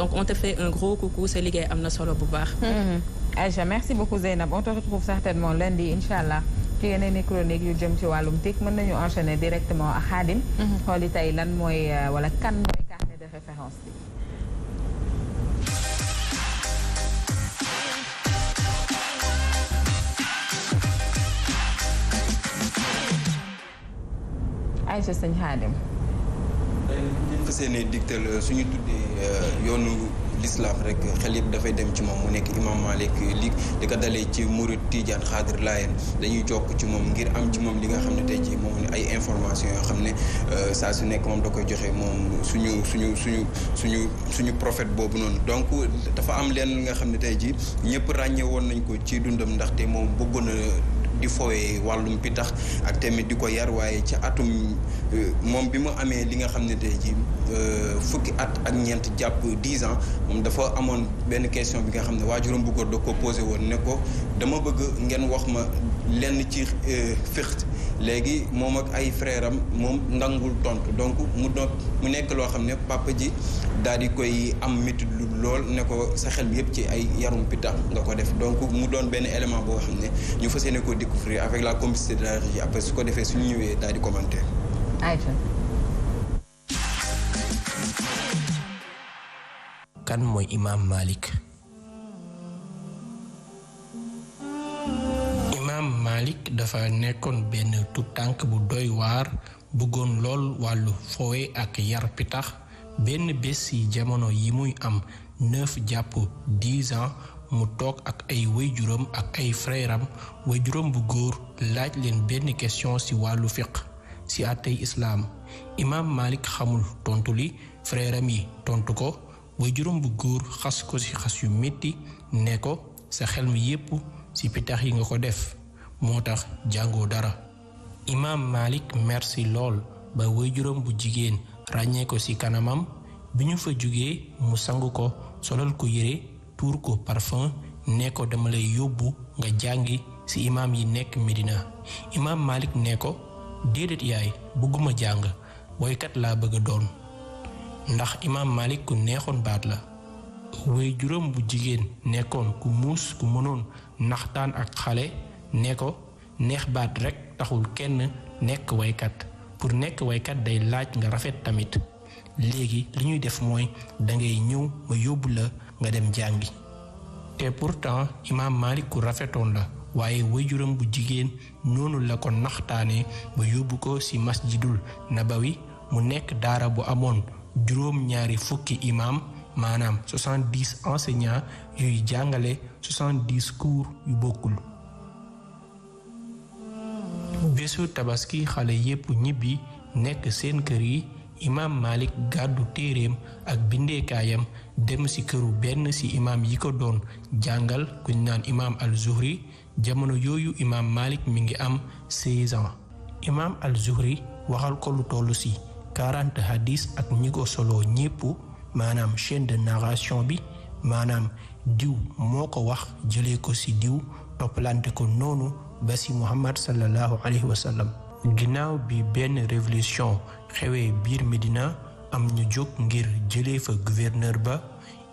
donc on te fait un gros coucou sa liggéey am na solo bu baax. Mm-hmm. Aïcha merci beaucoup Zeynab on te retrouve certainement lundi incha allah ci yeneen i chronique yu jëm ci wàllum TIC mën nañu enchaîner directement ak Xaadim. Mm-hmm. xooli tey lan mooy euh, wala kan mooy carnet de référence bi. Aïcha sëñ Xaadim. dañ fa seenee digtal euh, suñu tuddee euh, yoonu l'islam rek xel yëpp dafay dem ci moom mu nekk imam Malik lig di ko dalee ci murid Tidiane xaadir Laayeen dañuy jokk ci moom ngir am ci moom li nga xam ne tey ci moom ay information yoo xam ne euh, saa su nekk moom da koy joxe moom suñu suñu suñu suñu suñu prophète boobu noonu donc dafa am leen nga xam ne tey ji ñëpp ràññe woon nañ ko ci dundam ndaxte moom bëggoon na di fowee wàllum pitax ak tamit di ko yar waaye ca atum euh, moom bi mu amee li nga xam ne tey ji euh, fukki at ak ñeent jàpp dix ans moom dafa amoon benn question bi nga xam ne waajuram bu góor ko posé woon ne ko dama bëgg ngeen wax ma lenn ci euh, fixt léegi moom ak ay frère moom ndangul tontu donc mu doon mu nekk loo xam ne papa ji daal di koy am métit lu lool ne ko sa xel bi yëpp ci ay yarum pitax nga ko def donc mu doon benn élément boo xam ne ñu fas yéene ko découvrir avec la complicité de la régie après su ko defee suñu ñëwee daal di commenter. kan mooy Imam Malik. maam malik dafa nekkoon benn tànk bu doy waar bëggoon lool wàllu foowe ak yar pitax benn bés ci jamono yi muy am neuf jàpp dix ans mu toog ak ay waajuram ak ay frère am waajuram bu góor laaj leen benn question ci wàllu fiq ci àttey islaam imaam Malick xamul tontu li frère yi tontu ko juróom bu góor xas ko ci xas yu metti ne ko sa xel mi yépp ci pitax yi nga ko def moo tax jàngoo dara imaam malik merci lool ba juróom bu jigéen ràññee ko ci kanamam bi ñu fa jógee mu sangu ko solal ko yére tuur ko parfum ne ko dama lay yóbbu nga jàngi ci imaam yi nekk Medina imaam malik ne ko déedéet yaay bëgguma jàng woykat laa bëgg a doon ndax imaam malik ku neexoon baat la waajuram bu jigéen nekkoon ku muus ku mënoon naxtaan ak xale ne ko neex baat rek taxul kenn nekk waykat pour nekk waykat day laaj nga rafet tamit léegi li ñuy def mooy dangay ñëw ma yóbbu la nga dem jàngi te pourtant imaam Malik ku rafetoon la waaye waajuram bu jigéen noonu la ko naxtaane ba yóbbu ko ci masjidul nabawi mu nekk daara bu amoon juróom ñaari fukki imaam maanaam 70 yuy jàngale 70 cours yu bokkul bésu tabaski xale yépp ñibbi nekk seen kër yi imaam Malik gàddu téeréem ak bindeekaayam dem ci këru benn ci imaam yi ko doon jàngal kuñ naan imaam al-Zuhri jamono yooyu imaam Malik mi ngi am 16 ans imaam al-Zuhri waxal ko lu toll ci 40 hadis ak ñi ko solo ñépp maanaam chaîne de narration bi maanaam diw moo ko wax jëlee ko ci diw toppalante ko noonu. ba si muhammad sallallahu alayhi wa sallam ginnaaw bi benn révolution xewee biir Medina am ñu jóg ngir jëlee fa gouverneur ba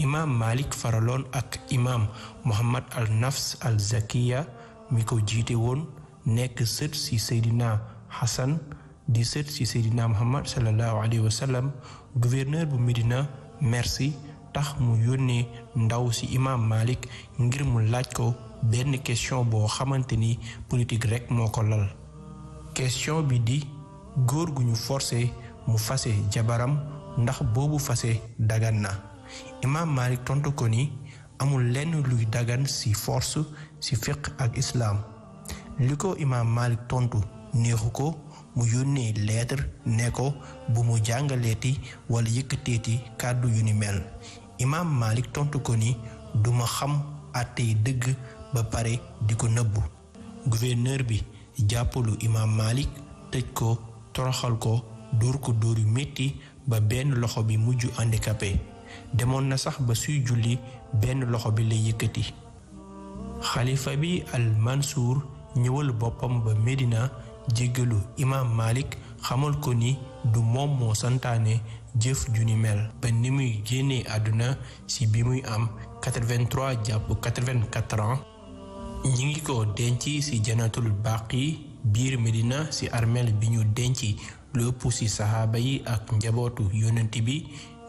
imaam Malik faraloon ak imaam muhammad al nafs al zakiya mi ko jiite woon nekk sët ci seydina Hassan di sët ci seydina muhammad sallallahu alayhi wa sallam gouverneur bu Medina merci tax mu yónnee ndaw ci imaam Malik ngir mu laaj ko benn question boo xamante ni politique rekk moo ko lal question bi di góor gu ñu forcé mu fase jabaram ndax boobu fase dagan na imaam Malik tontu ko ni amul lenn luy dagan ci force ci fiq ak islaam li ko imaam Malik tontu neexu ko mu yónnee lettre ne ko bu mu jàngaleeti wala yëkkateeti kàddu yu ni mel imaam Malik tontu ko ni duma xam àttey dëgg ba pare di ko nëbbu gouverneur bi jàppalu imaam Malik tëj ko toroxal ko dóor ko dóor yu metti ba benn loxo bi mujj indi handicapé demoon na sax ba suy julli benn loxo bi lay yëkkati xalifa bi al Mansour ñëwal boppam ba Medina jéggalu imaam Malik xamal ko ni du moom moo santaane jëf ju ni mel ba ni muy génne àdduna ci bi muy am 83 jàpp 84 ñu ngi ko denc ci janatul baqi biir Medina ci armeel bi ñu denc lu ëpp ci saxaaba yi ak njabootu yonent bi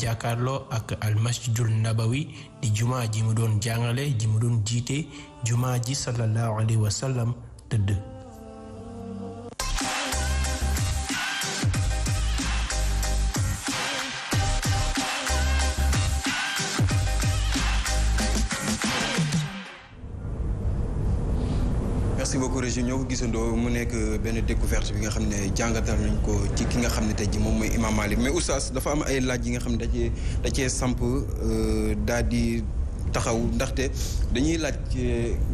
jàkkaarloo ak almasjidul nabawi di jumaa ji mu doon jàngale ji mu doon jiite jumaa ji sallallahu alayhi wa tëdd ñoo ko gisandoo mu nekk euh, benn découverte bi nga xam ne jàngatal nañ ko ci ki nga xam ne tey ji moom mooy Imam Malik mais oustaz am ay laaj nga xam ne da cee da cee samp euh, di taxaw ndaxte dañuy laaj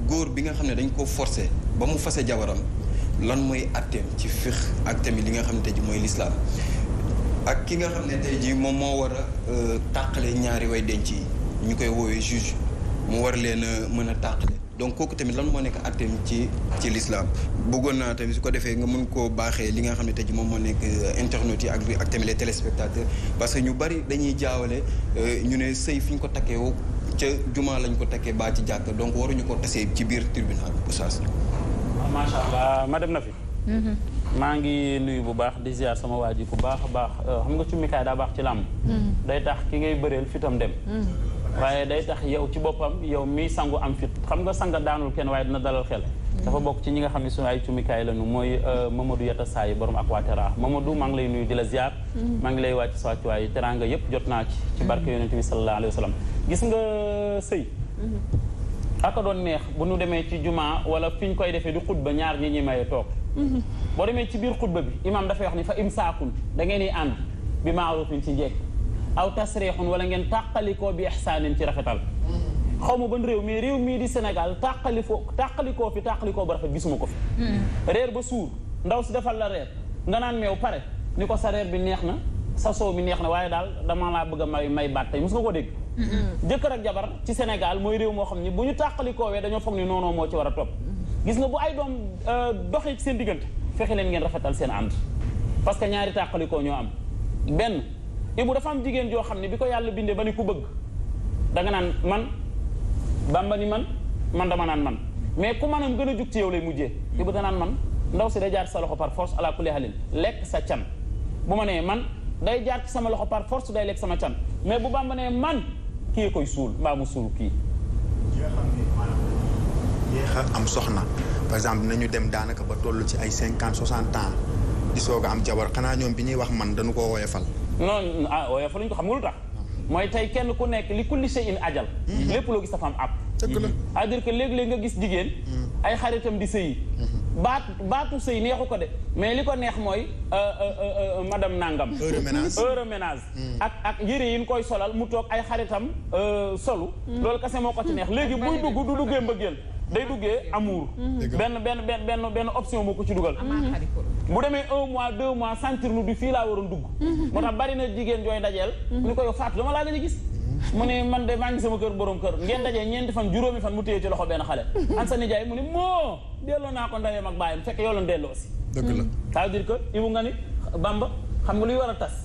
góor bi nga xam ne dañ ko forcé ba mu fase jabaram lan mooy atteem ci ak tamit li nga xam ji mooy lislaam ak ki nga xam ne tey jii moom moo war a euh, tàqale ñaari way denc yi ñu koy woowee juge mu war leen a mën a tàqale donc kooku tamit lan moo nekk àtteem ci ci lislaam bëggoon naa tamit su ko defee nga mën koo baaxee li nga xam ne tey moom moo nekk euh, internet yi ak ak tamit les téléspectateurs parce que ñu bari dañuy jaawale euh, ñu ne sëy fi ñu ko takkee woo ca jumaa lañ ko takkee baa ci jàkk donc waruñu ko tasee ci biir tribunal oustaz ah, ma dem na fi mhm. maa ngi nuyu bu baax di sama waa ji bu baax a baax euh, xam nga cummikaay daa baax ci làmb mhm. day tax ki ngay bëreel fitam dem mhm. waaye day tax yow ci boppam yow mi sangu am fit xam nga sanga daanul kenn waaye dina dalal xel dafa bokk ci ñi nga xam ne suñu ay cumikaay lañu mooy euh, Mamadou Yatta Saay borom ak waatera Mamadou maa ngi lay nuyu di la ziar mhm. maa ngi lay wàcc sa wàccuwaay teranga yëpp jot naa ci ci barke mhm. yonent bi sallallahu alayhi wa gis nga euh, sëy mhm. aka doon neex bu ñu demee ci jumaa wala fi ñu koy defee di xutba ñaar ñi ñi maye toog boo demee ci biir xutba bi imaam dafay wax ni fa imsaakun da ngeen di ànd bi maarufin ci njekk aw tasriixun wala ngeen tàqalikoo bi ixsaanin ci rafetal xaw ma ban réew mais réew mii di Sénégal tàqalikoo tàqalikoo fi tàqalikoo ba rafet gisuma ko fi hmm. reer ba suur ndaw si defal la reer nga naan meew pare ni ko sa reer bi neex na sa soow bi neex na waaye daal dama laa bëgg may may baat tey mos nga ko dégg jëkkër ak jabar ci Sénégal mooy réew moo xam ni bu ñu tàqalikoowee dañoo foog ni noonoo moo ci war a topp gis nga bu ay doom euh, doxee seen diggante fexe leen ngeen rafetal seen ànd parce que ñaari tàqalikoo ñoo am benn Ibou dafa am jigéen joo xam ne bi ko yàlla bindee ba ni ku bëgg danga naan man Bàmba ni man man dama naan man mais ku manam gën a jug ci yow lay mujjee Ibou danaan man ndaw si day jaar ci sa loxo par force ala kulli halin lekk sa can bu ma nee man day jaar ci sama loxo par force day lekk sama can mais bu Bàmba nee man kii koy suul mbaa mu suul kii yéex am soxna par exemple nañu dem daanaka ba toll ci ay cinquante soixante ans di soog a am jabar xanaa ñoom bi ñuy wax man dañu ko woyofal non ah waaye fa lu ko xam nga lu tax. mooy tey kenn ku nekk li kulli shay'in ajal. lépp loo gis dafa am ab. dëgg la cest à léeg-léeg nga gis jigéen. ay xaritam di sëyi. baat baatu sëy neexu ko de mais li ko neex mooy euh, euh, euh, madame Nangam. heure ménage heure ménage. Hmm. ak ak yére yi koy solal mu toog ay xaritam solu. Hmm. loolu kese moo ko ci neex léegi buy dugg du duggee mbëggeel day duggee amour. benn benn benn benn benn option moo ko ci dugal. bu demee un mois deux mois sentir lu du fii laa waroon dugg. Mhm. moo tax bari na jigéen jooy dajeel. Mhm. ni koy yow Fatou dama laa gën a gis. Mhm. mu ne man de man ngi sama kër borom kër ngeen dajee ñeenti fan juróomi fan mu téye ci loxo benn xale. an sa nijaay mu ne moo delloo naa ko ndeyam ak baayam fekk yooloon si. dëgg la ça veut dire Bamba xam nga luy war a tas.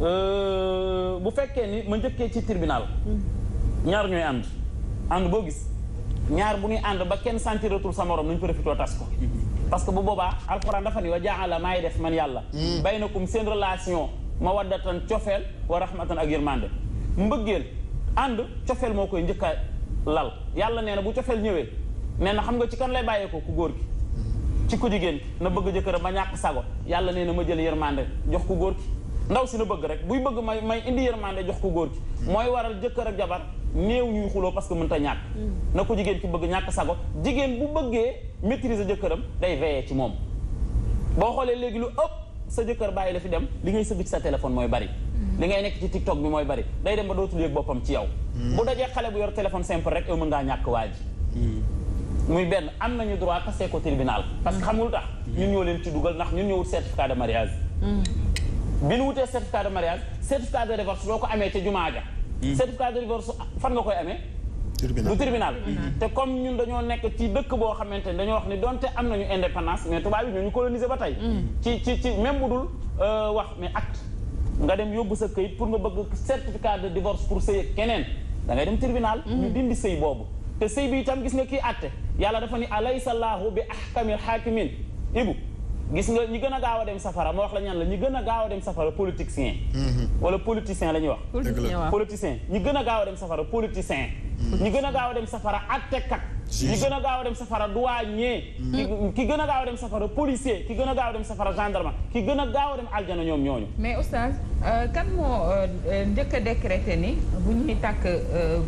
Euh, bu fekkee ni ma njëkkee ci tribunal. ñaar ñooy ànd ànd boo gis ñaar bu ñuy ànd ba kenn sentiratul sa morom nañ profité tas ko. parce que bu boobaa alxuraan dafa ni wa jaala maay def man yàlla hmm. baynakum seen relation ma mawaddatan cofeel wa rahmatan ak yërmande mbëggeel ànd cofeel moo koy njëkk a lal yàlla nee na bu cofeel ñëwee nee na xam nga ci kan lay bàyyee ko ku góor gi ci ku jigéen na bëgg jëkkër ba ñàkk sago yàlla nee na ma jël yërmande jox ku góor ki ndaw si na bëgg rek buy bëgg may may indi yërmande jox ku góor ki hmm. mooy waral jëkkër ak jabar néew ñuy xuloo parce que mënta ñàkk mm. na ko jigéen ci bëgg ñàkk sago jigéen bu bëggee maîtriser jëkkëram day veillé ci moom boo xoolee léegi lu ëpp sa jëkkër bàyyi la fi dem li ngay sëgg ci sa téléphone mooy bari mm. li ngay nekk ci tiktok bi mooy bari day dem ba dootul yëg boppam ci yow mm. bu dajee xale bu yor téléphone simple rek yow mën ngaa ñàkk waa ji muy benn am nañu droit tasee ko tribunal parce que xamul tax ñun ñoo leen ci dugal ndax ñun ñoo wut certificat de mariage bi nu wutee certificat de mariage certificat de divorce doo ko amee ca jumaa Hmm. certificat de divorce fan nga koy amee du tribunal hmm. te comme ñun dañoo nekk ci dëkk boo xamante ne dañoo wax ni donte am nañu indépendance mais tubaab yi ñoo ñu coloniser ba tey hmm. ci ci ci même bu dul euh, wax mais acte nga dem yóbbu sa këyit pour nga bëgg certificat de divorce pour sëy keneen dangay dem tribunal ñu dindi sëy boobu te sëy bi itam gis nga kii àtte yàlla dafa ni alaysa laahu bi ahkamil hakimin ibu gis nga ñi gën a gaaw a dem safara ma wax la ñan la ñi gën a gaaw a dem safara politicien. Mm-hmm. wala politicien la ñuy wax. politicien ñi gën a gaaw a dem safara politicien. Mm-hmm. ñi gën a gaaw a dem safara àttekat. ñi gën a gaaw a dem safara douanier mm-hmm. ki gën a gaaw a dem safara policier ki gën a gaaw a dem safara gendarme ki gën a gaaw a dem aljana ñoom ñooñu mais oustaz euh, kan moo euh, euh, njëkk a décrété ni bu ñuy takk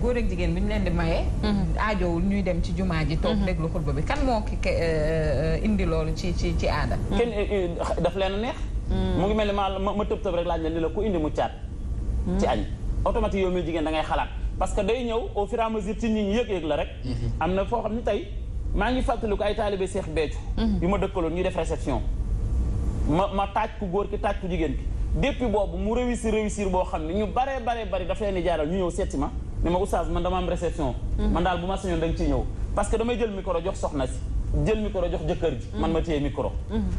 góor ak jigéen bu ñu leen di maye mm-hmm. aajowul ñuy dem ci jumaa ji toog mm-hmm. déglu xutba bi kan moo ki indi loolu ci ci ci aada kenn eh, eh, daf leen a neex mu ngi mel ni ma ma tëb tëb rek laaj na li la ku indi mu caat ci añ automatique yow mi jigéen da ngay xalaat parce que day ñëw au fur et à mesure ci nit ñi yëg-yëg la rek. Mhm. am na foo xam ne tey maa ngi fàttaliku ay taalibe Seex Béthio. Mhm. yu ma dëkkaloon ñuy def réception. ma ma taaj ku góor ki taaj ku jigéen ki depuis boobu mu réussir réussir boo xam ne ñu baree baree bari daf leen di jaaral ñu ñëw seeti ma ne ma oustaz man dama am réception. Mhm. man daal bu ma sañoon da nga ciy ñëw parce que damay jël micro jox soxna si. jël micro jox jëkkër ji man ma téye micro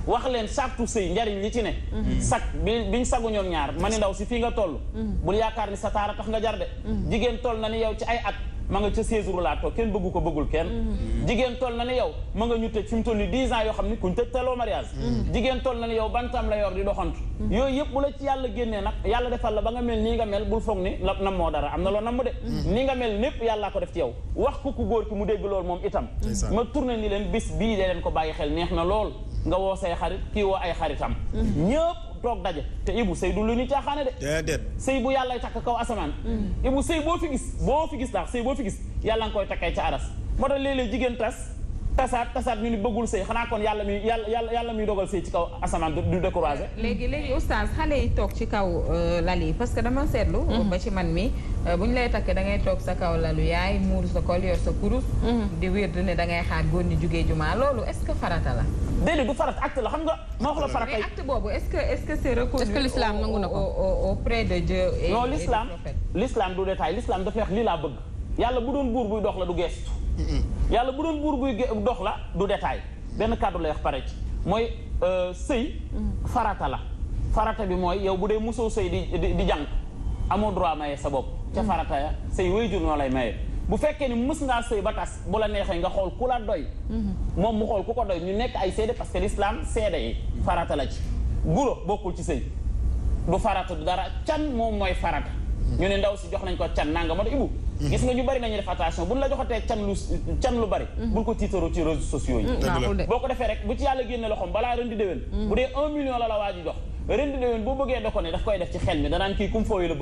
wax leen sartu sëy njariñ li ci ne sag bi biñ sagu ñoom ñaar ma ndaw si fii nga toll bul yaakaar ni sa taara tax nga jar de jigéen toll na ni yow ci ay at ma nga ca séjour laa toog kenn bëggu ko bëggul kenn mm-hmm. jigéen toll na ne yow ma nga ñu tëj fi mu toll ni dix yoo xam ne kuñ tëj taloo mariage mm-hmm. jigéen toll na ne yow bantam la yor di doxantu mm-hmm. yooyu yëpp bu la ci yàlla génnee nag yàlla defal la ba nga mel nii nga mel bul foog ni la nam moo dara am na loolu nam mu de ni nga mel lépp yàllaa ko def ci yow wax ko ku góor ki mu dégg loolu moom itam ma tourné ni leen bis bii de leen ko bàyyi xel neex na lool nga woo say xarit kii woo ay xaritam ñëpp toog daje te ibu sëy du lu ñu caaxaane de déedéet sëy bu yàllay takk kaw asamaan mm. ibu sëy boo fi gis boo fi gis daal sëy boo fi gis yàlla nga koy takkee ci aras moo tax léeg-léeg jigéen tas tasaat tasaat ñu ni bëggul sëy xanaa kon yàlla muy yàlla yàlla muy dogal sëy ci kaw asamaan du découragé léegi léegi oustaz xale yi toog ci kaw euh, lal yi parce que dama seetlu mm-hmm. ba ci man mi euh, bu ñu lay takk da ngay toog sa kaw lalu yaay muur sa kol yor sa kurus mm-hmm. di wér ne da ngay xaar góor ni jugee jumaa loolu est-ce que farata la déedéet du farat acte la xam nga ma wax la farat mais acte boobu est-ce que est-ce que c'est reconnu est-ce que l'islam nangu na ko auprès de Dieu non l'islam l'islam du détail l'islam dafay wax lii laa bëgg yàlla bu doon buur buy dox la du geestu yàlla bu doon buur buy dox la du détail benn kàddu lay wax pare ci mooy euh, sëy mm. farata la farata bi mooy yow bu dee mosoo sëy di di jàng amoo droit maye sa bopp ca mm. farata ya sëy wéy jur noo lay maye bu fekkee ni mës ngaa sëy ba tas bu la neexee nga xool ku la doy mm-hmm. moom mu xool ku ko doy ñu nekk ay seede parce que l'islam seede yi farata la ci guro bokkul ci sëy du farata du dara can moom mooy farata ñu ne ndaw si jox nañ ko can nanga ma da ibu mm-hmm. gis nga ñu bari nañu def attention buñ la joxatee can lu bari mm-hmm. bul ko tiitaroo ci réseaux sociaux yi boo ko defee rek bu ci yàlla génne loxoom balaa ren di bu dee un million la la waa ji jox ren di déwén boo bëggee da ko ne daf koy def ci xel mi danaan kii kum fooyu